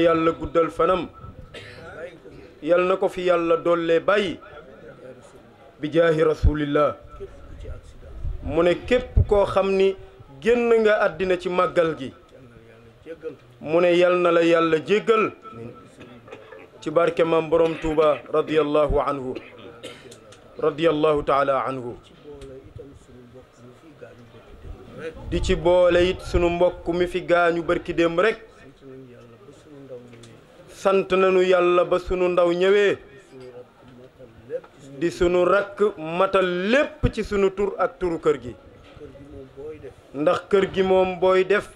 yàlla guddal fanam yal na ko fi yàlla dollee bàyyi bi jaahi mu ne képp koo xam ni génn nga àddina ci màggal gi mu ne yal na la yàlla jéggal ci barke borom tuuba radiyallahu anhu radiyallahu taala anhu di ci boole it sunu mbokk mi fi gaañu barki démb rek sant nañu yàlla ba sunu ndaw ñëwee di sunu rakk matal lépp ci suñu tur ak turu kër gi ndax kër gi moom booy def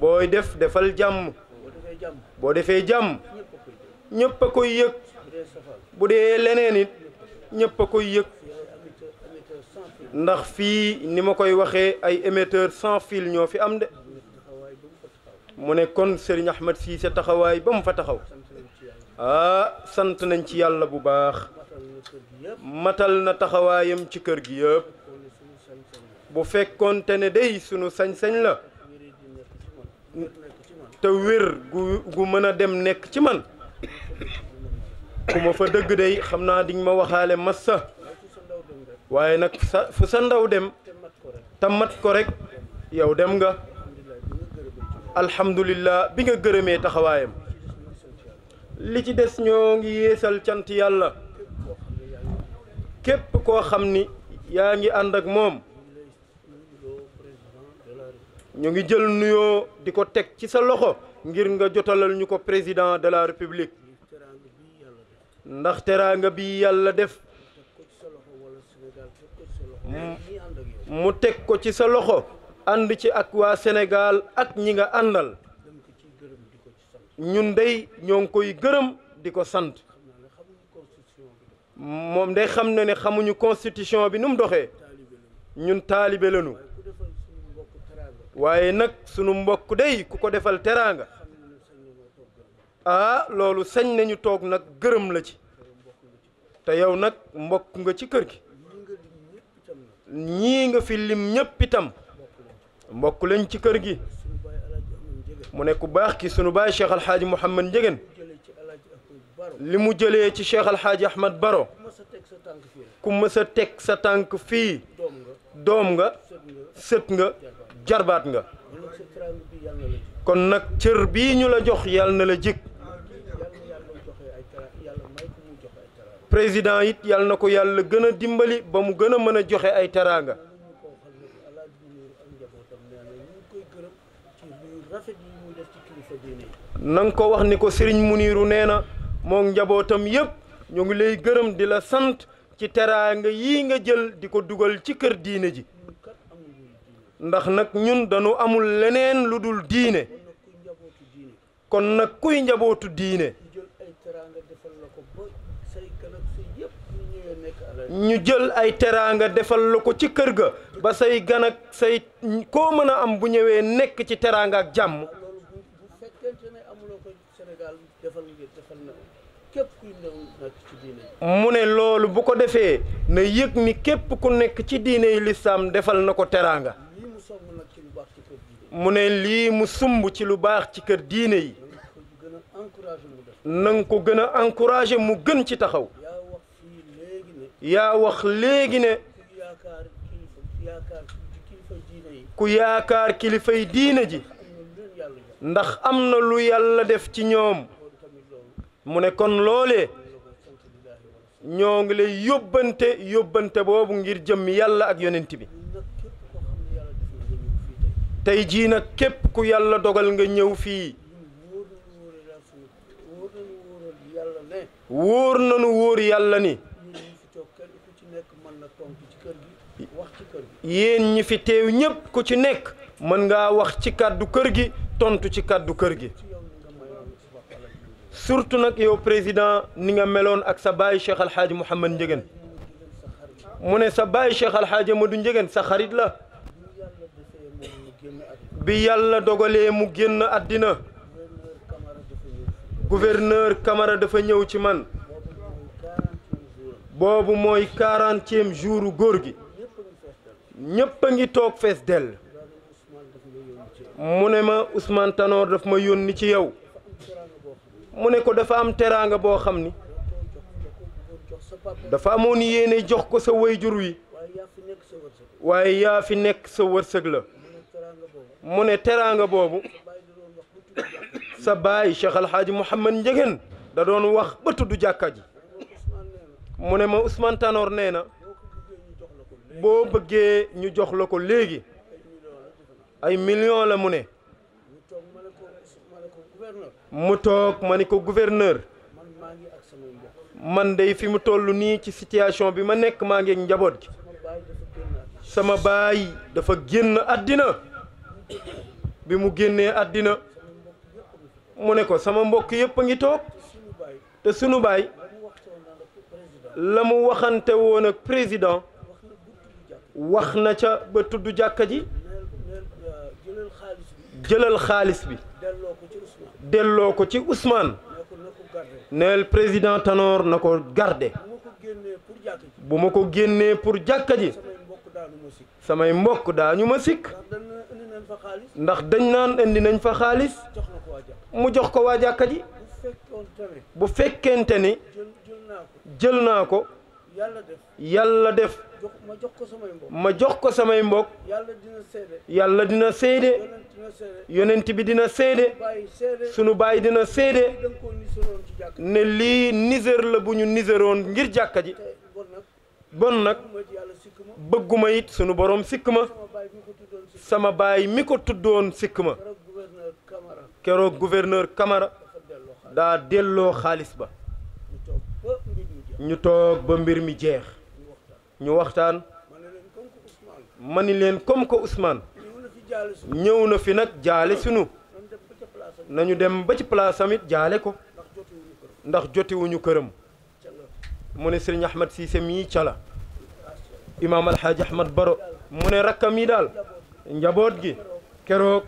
booy def defal jàmm boo defee jàmm ñëpp a koy yëg bu dee leneen it ñëpp a koy yëg ndax fii ni ma koy waxee ay émetteur sans fil ñoo fi am de mu ne kon Serigne si sa taxawaay ba mu fa taxaw ah sant nañ ci yàlla bu baax matal na taxawaayam ci kër gi yëpp bu fekkoonte ne day suñu sañ-sañ la te wér gu gu mën a dem nekk ci man ku ma fa dëgg day xam naa diñ ma waxaale massa waaye nag sa fu sa ndaw dem te mat ko rek yow dem nga alhamdulillah bi nga gërëmee taxawaayam li ci des ñoo ngi yeesal cant yàlla képp koo xam ni yaa ngi ànd ak moom ñu ngi jël nuyoo di ko teg ci sa loxo ngir nga jotalal ñu ko président de la république ndax teraanga bi yàlla def mu teg ko ci sa loxo ànd ci ak waa senegaal ak ñi nga àndal ñun dey ñoo ngi koy gërëm di ko sant moom de xam na ne xamuñu constitution bi nu mu doxee ñun taalibe lañu waaye nag sunu mbokk day ku ko defal teraanga ah loolu sañ nañu toog nag gërëm la ci te yow nag mbokk nga ci kër gi ñii nga fi lim ñëpp itam mbokk lañ ci kër gi mu ne ku baax ki sunu baay Cheikh Al Hadj Mouhamad Ndiéguène li mu jëlee ci Cheikh Al Hadj Ahmad Baro ku mës a teg sa tànk fii doom nga sët nga jarbaat nga kon nag cër bii ñu la jox yàlla na la jik président it yàlla na ko yàlla gën a dimbali ba mu gën a mën a joxe ay teraanga. nanga ko wax ni ko sëriñ mu Muniru nee na moom njabootam yëpp ñu ngi lay gërëm di la sant ci teraanga yi nga jël di ko dugal ci kër diine ji ndax nag ñun dañu amul leneen lu dul diine kon nag kuy njabootu diine ñu jël ay teraanga defal la ko ci kër ga ba say gan ak say koo mën a am bu ñëwee nekk ci teraanga ak jàmm mu ne loolu bu ko defee na yëg mi képp ku nekk ci diine yi lislaam defal na ko teraanga mu ne lii mu sumb ci lu baax ci kër diine yi na ko gën a encouragé mu gën ci taxaw yaa wax léegi ne ku yaakaar kilifay diine ji ndax am na lu yàlla def ci ñoom mu ne kon loole ñoo ngi lay yóbbante yóbbante boobu ngir jëm yàlla ak yonent bi tey jii nag képp ku yàlla dogal nga ñëw fii wóor nanu wóor yàlla ni yéen ñi fi teew ñépp ku ci nekk mën ngaa wax ci kàddu kër gi tontu ci kàddu kër gi surtout nag yow président ni nga meloon ak sa baay Cheikh Al Hadj Mouhamad mu ne sa baay Cheikh Al ma du Ndiéguène sa xarit la bi yàlla dogalee mu génn àddina gouverneur Camara dafa ñëw ci man boobu mooy quarantième jouru góor gi ñépp a ngi toog fees dell mu ne ma Ousmane Tanor daf ma yónni ci yow mu ne ko dafa am teraanga boo xam ni dafa amoon yéene jox ko sa wayjur wi waaye yaa fi nekk sa wërsëg la mu ne teraanga boobu sa baay Cheikh Al Hadj Mouhamad Ndiéguène da doon wax ba tudd jàkka ji mu ne ma Ousmane nee na boo bëggee ñu jox la ko léegi ay millions la mu ne mu toog ma ni ko gouverneur man dey fi mu toll nii ci situation bi ma nekk maa ngi njaboot gi sama baay dafa génn àddina bi mu génnee àddina mu ne ko sama mbokk yépp a ngi toog te sunu baay la mu waxante woon ak président wax na ca ba tudd jàkka ji jëlal xaalis bi delloo ko ci Ousmane neel président Tanor na ko garde bu ma ko génnee pour jàkka ji samay mbokk daañu ma sikk ndax dañ naan indi nañ fa xaalis mu jox ko waa jàkka ji bu fekkente ni jël naa ko yàlla def yàlla def ma jox ko samay mbokk ma jox ko samay mbokk yàlla dina seede yàlla dina seede yonent bi dina seede sunu baay dina seede ne lii nisér la bu ñu niséroon ngir jàkka ji bon nag bëgguma it sunu borom sikk ma sama baay mi ko tuddoon sikk ma keroog gouverneur Camara daa delloo xaalis ba ñu toog ba mbir mi jeex ñu waxtaan ma ni leen comme que Ousmane ñëw na fi nag jaale sunu nañu dem ba ci place amit jaale ko ndax jotiwuñu këram mu ne sëriñ Ahmad Cissé mii cala imaam alxaaji Ahmad Baro mu ne rakkam yi daal njaboot gi keroog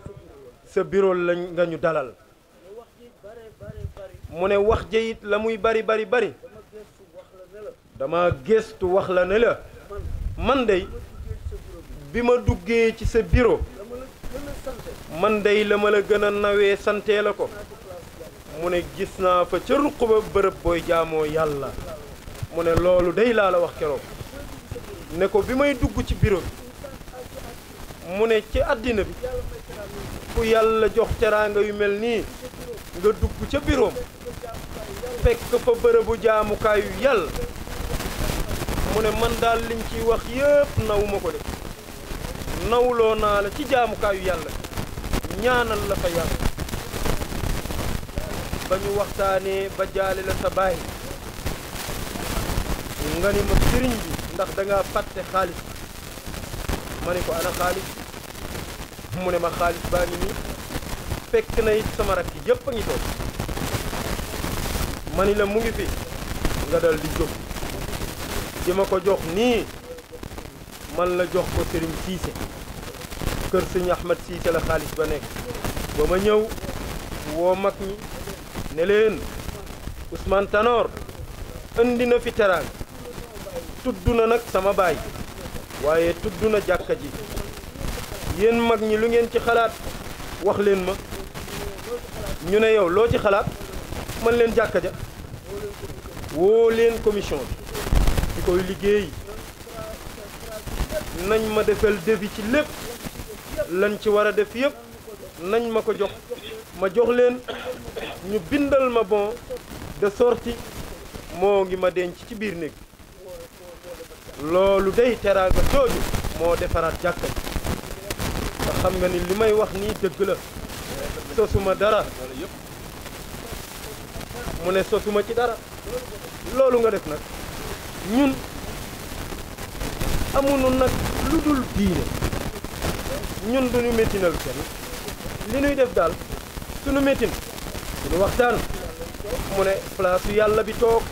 sa bureau lañ nga ñu dalal mu ne wax ja la muy bari bari bari dama gëstu wax la ne la man dey bi ma duggee ci sa biro man dey la ma la gën a nawee santee la ko mu ne gis naa fa ca ruq ba bërëb booy jaamoo yàlla mu ne loolu day laa la wax keroog ne ko bi may dugg ci bureau bi mu ne ci àddina bi ku yàlla jox teraanga yu mel nii nga dugg ca biroom fekk fa bërëbu jaamukaayu yàlla mu ne man daal liñ ciy wax yépp nawuma ko de nawloo naa la ci jaamukaayu yàlla ñaanal la fa yàlla ba ñu waxtaanee ba jaale la sa baay nga ni ma sëriñ bi ndax da ngaa fàtte xaalis ma ne ko ana xaalis mu ne ma xaalis baa ngi nii fekk na it sama rakk yépp a ngi toog ma ni la mu ngi fi nga dal di jóg ji ma ko jox nii man la jox ko sëriñ Cissé kër sëñ Ahmed Cissé la xaalis ba nekk ba ma ñëw woo mag ñi ne leen Ousmane Tanor indi na fi teraanga tudd na nag sama baay waaye tudd na jàkka ji yéen mag ñi lu ngeen ci xalaat wax leen ma ñu ne yow loo ci xalaat man leen jàkka ja woo leen commission bi di koy liggéey nañ ma defal devis ci lépp lañ ci war a def yëpp nañ ma ko jox ma jox leen ñu bindal ma bon de sorti moo ngi ma denc ci biir néeg loolu day teraanga jooju moo defaraat jàkka te xam nga ni li may wax nii dëgg la sosuma dara mu ne sosuma ci dara loolu nga def nag ñun nu nag lu dul diine ñun duñu méttinal kenn li ñuy def daal suñu méttin suñu waxtaan mu ne place yàlla bi toog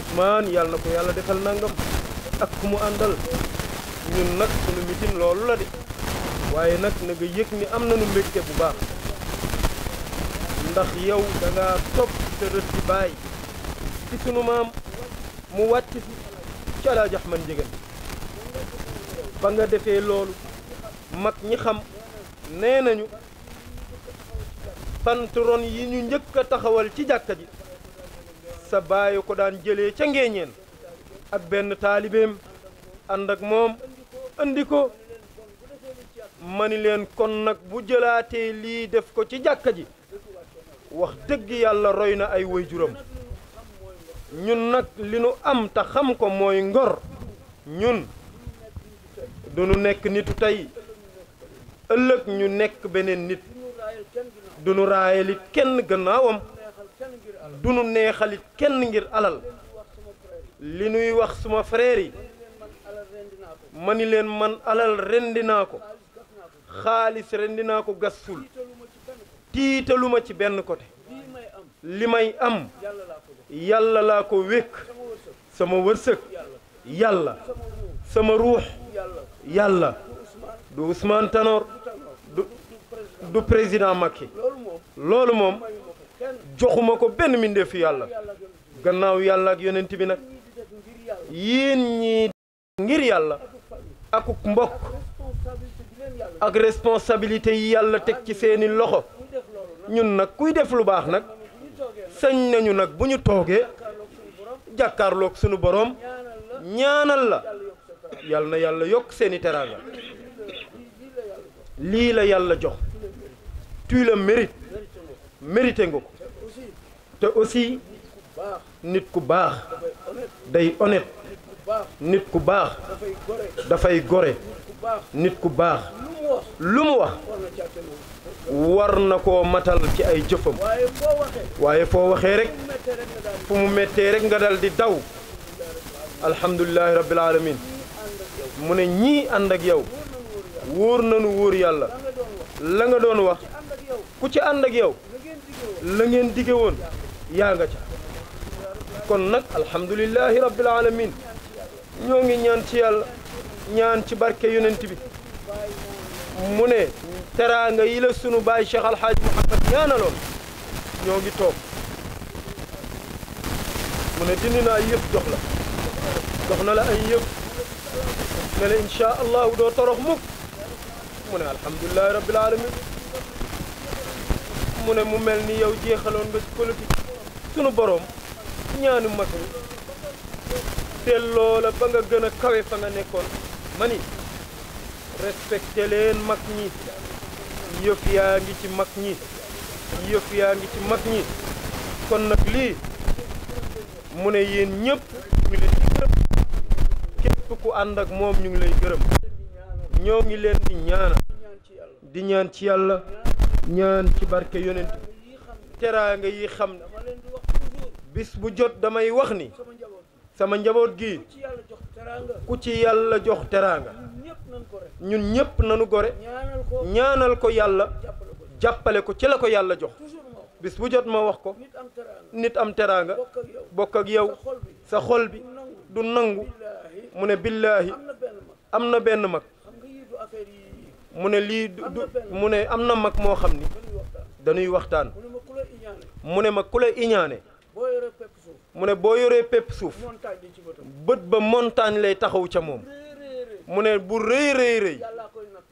Ousmane yàlla ko yàlla defal nangam ak ku mu àndal ñun nag suñu méttin loolu la de waaye nag na nga yëg ni am nañu mbégte bu baax ndax yow da topp sa rët di bàyyi ci sunu maam mu wàcc si ci alaaji Ahmad nga defee loolu mag ñi xam nee nañu panturon yi ñu njëkk a taxawal ci jàkka ji sa bàyyi ko daan jëlee ca ngeeñeen ak benn taalibeem ànd ak moom andi ko mani leen kon nag bu jëlaatee lii def ko ci jàkka ji wax dëgg yàlla roy na ay waajuram ñun nag li nu am te xam ko mooy ngor ñun du nu nekk nit tey ëllëg ñu nekk beneen nit du nu raayalit kenn gannaawam du nu neexalit kenn ngir alal li nuy wax suma frère yi ma ni leen man alal rendi naa ko xaalis rendi naa ko gasul tiitaluma ci benn côté li may am yàlla laa ko wékk sama wërsëg yàlla sama ruux yàlla du Ousmane Tanor du du président Macky loolu moom joxuma ko benn mbindeef yàlla gannaaw yàlla ak yonent bi nag yéen ñi ngir yàlla akuk mbokk ak responsabilité yi yàlla teg ci seeni loxo ñun nag kuy def lu baax nag sañ nañu nag bu ñu toogee jàkkaarlook sunu boroom ñaanal la yal na yàlla yokk seeni teraanga lii la yàlla jox tu le mérite mérité nga ko te aussi nit ku baax day honnête nit ku baax dafay gore nit ku baax lu mu wax war na ko matal ci ay jëfam waaye foo waxee rek fu mu mettee rek nga dal di daw alhamdulilahi rabbil alamin mu ne ñii ànd ak yow wóor nanu wóor yàlla la nga doon wax ku ci ànd ak yow la ngeen dige woon yaa nga ca kon nag alhamdulilahi rabbil alamin ñoo ngi ñaan ci yàlla ñaan ci barke yonent bi mu ne teraanga yila sunu baay Cheikh Al Hadj Mouhamad ñaanaloon ñoo toog mu ne dindi naa yëpp jox la jox na la ay yëpp ne la incha allahu doo torox mukk mu ne alhamdulilahi alamin mu mu mel ni yow jeexaloon nga ci politique sunu borom ñaanu matul te loola ba nga gën a kawe fa nga nekkoon mani respecté leen mag ñi yëf yaa ngi ci mag ñi yëf yaa ngi ci mag ñi kon nag lii mu ne yéen ñëpp ñu leen di gërëm képp ku ànd ak moom ñu ngi lay gërëm ñoo ngi leen di ñaana di ñaan ci yàlla ñaan ci barke yonent teraanga yi xam bis bu jot damay wax ni sama njaboot gi ku ci yàlla jox teraanga ñun ñëpp nanu gore ñaanal ko yàlla jàppale ko ci la ko yàlla jox bis bu jot ma wax ko nit am teraanga bokk ak yow sa xol bi du nangu mu ne billaahi am na benn mag mu ne lii du mu ne am na mag moo xam ni dañuy waxtaan mu ne ma ku la iñaane mu ne boo yoree pepp suuf bët ba montagne lay taxaw ca moom mu ne bu rëy rëy rëy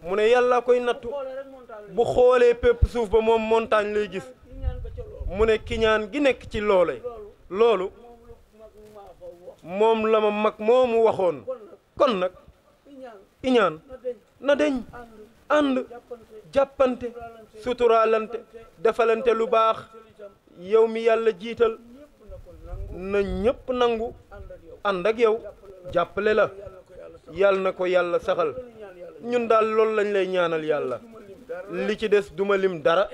mu ne yàllaa koy nattu bu xoolee pépp suuf ba moom montagne lay gis mu ne kiñaan gi nekk ci loole loolu moom la ma mag moomu waxoon kon nag iñaan na deñ ànd jàppante suturaalante defalante lu baax yow mi yàlla jiital na ñépp nangu ànd ak yow jàppale la yàlla na ko yàlla saxal ñun daal loolu lañ lay ñaanal yàlla li ci des duma lim dara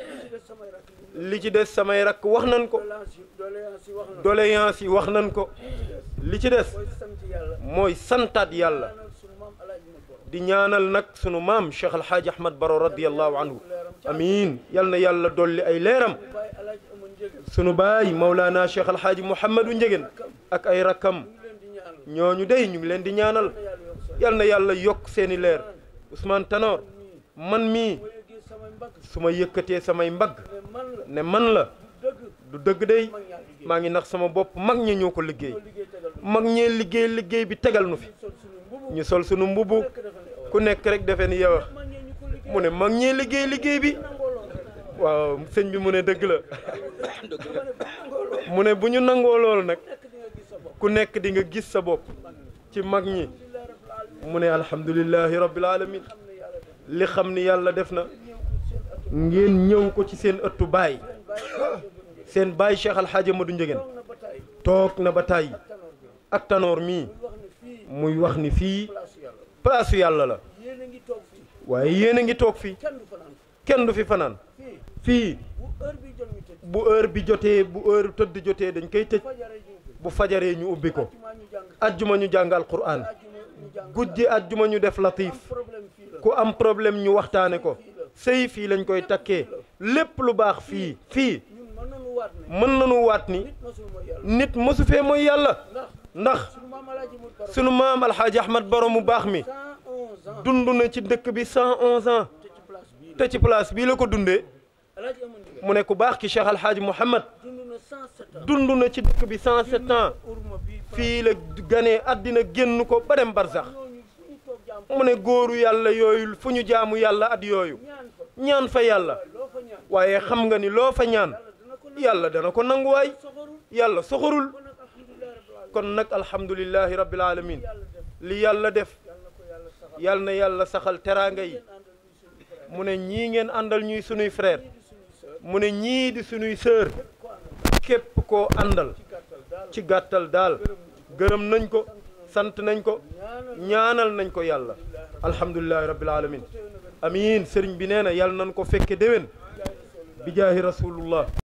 li ci des samay rakk wax nañ ko doléance yi wax nañ ko li ci des mooy santaat yàlla di ñaanal nag sunu maam Cheikh El Hadj Ahmad Baro radiyallahu anhu amiin yal na yàlla dolli ay leeram sunu baay Mawlana Cheikh El Hadj Mouhamadou Ndiéguène ak ay rakkam ñooñu dey ñu leen di ñaanal. yal na yàlla yokk seeni leer Ousmane tanoor man mii su ma yëkkatee samay mbagg ne man la du dëgg day maa ngi nax sama bopp mag ñi ñoo ko liggéey mag ñee liggéey liggéey bi tegal nu fi ñu sol sunu mbubu ku nekk rek defe ni yow mu ne mag ñee liggéey liggéey bi waaw sëñ bi mu ne dëgg la mu ne bu ñu nangoo loolu nag ku nekk di nga gis sa bopp ci mag ñi mu ne alhamdulilahi rabbil alamin li xam ni yàlla def na ngeen ñëw ko ci seen ëttu baay seen baay Cheikh Al Hadj Amadou Ndiéguène toog na ba tàyyi ak tanoor mii muy wax ni fii palaasu yàlla la waaye yéen a ngi toog fii kenn du fi fanaan fii bu heure bi jotee bu heure tëdd jotee dañ koy tëj bu fajaree ñu ubbi ko ajjuma ñu jàngal Qur'an. guddi àjjuma ñu def latiif ku am problème ñu waxtaane ko sëy fii lañ koy takkee lépp lu baax fii fii mën nañu waat ni nit mësu fee mooy yàlla ndax sunu maam alxaaji ahmad borom mu baax mi dund na ci dëkk bi cent onze ans te ci place bii la ko dundee mu ne ku baax ki cheikh alxaaji mouhamad dund na ci dëkk bi cent sept ans fii la ganee àddina génn ko ba dem barsax mu ne góoru yàlla yooyu fu ñu jaamu yàlla at yooyu ñaan fa yàlla waaye xam nga ni loo fa ñaan yàlla dana ko nanguwaay yàlla soxorul kon nag alhamdulillahi rabbil alamin li yàlla def yal na yàlla saxal teraanga yi mu ne ñii ngeen àndal ñuy sunuy frère mu ne ñii di sunuy sœur képp koo àndal ci gàttal daal gërëm nañ ko sant nañ ko ñaanal nañ ko yàlla alhamdulilahi rabbil alamin amiin sëriñ bi nee na yàlla nañ ko fekke déwén bi jaahi rasulullah